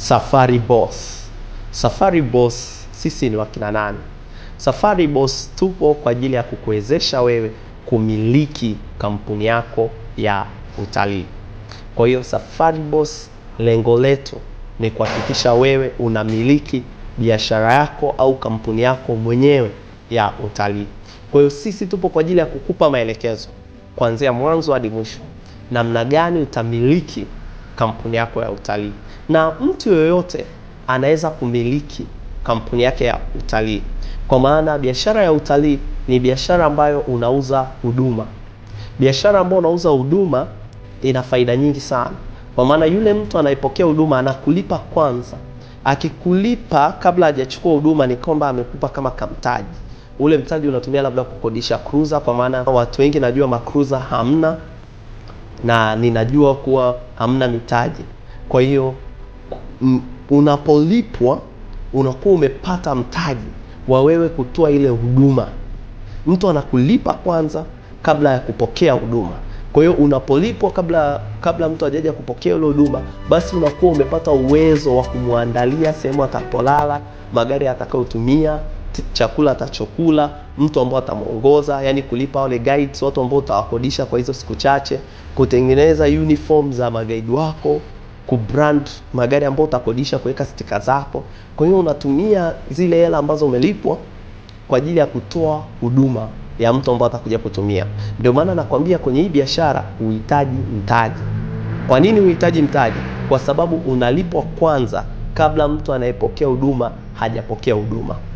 Safari Boss. Safari Boss, sisi ni wakina nani? Safari Boss tupo kwa ajili ya kukuwezesha wewe kumiliki kampuni yako ya utalii. Kwa hiyo Safari Boss lengo letu ni kuhakikisha wewe unamiliki biashara yako au kampuni yako mwenyewe ya utalii. Kwa hiyo sisi tupo kwa ajili ya kukupa maelekezo kuanzia mwanzo hadi mwisho, namna gani utamiliki kampuni yako ya utalii na mtu yoyote anaweza kumiliki kampuni yake ya utalii, kwa maana biashara ya utalii ni biashara ambayo unauza huduma. Biashara ambayo unauza huduma ina faida nyingi sana, kwa maana yule mtu anayepokea huduma anakulipa kwanza. Akikulipa kabla hajachukua huduma, ni kwamba amekupa kama kamtaji. Ule mtaji unatumia labda kukodisha cruiser, kwa maana watu wengi najua makruza hamna, na ninajua kuwa hamna mitaji, kwa hiyo unapolipwa unakuwa umepata mtaji wa wewe kutoa ile huduma. Mtu anakulipa kwanza kabla ya kupokea huduma. Kwa hiyo unapolipwa kabla, kabla mtu hajaja kupokea ile huduma, basi unakuwa umepata uwezo wa kumwandalia sehemu atakapolala, magari atakayotumia, chakula atachokula, mtu ambao atamwongoza, yani kulipa wale guides, watu ambao utawakodisha kwa hizo siku chache, kutengeneza uniform za magaidi wako kubrand magari ambayo utakodisha, kuweka stika zako. Kwa hiyo unatumia zile hela ambazo umelipwa kwa ajili ya kutoa huduma ya mtu ambaye atakuja kutumia. Ndio maana nakwambia kwenye hii biashara uhitaji mtaji. Kwa nini uhitaji mtaji? Kwa sababu unalipwa kwanza kabla mtu anayepokea huduma hajapokea huduma.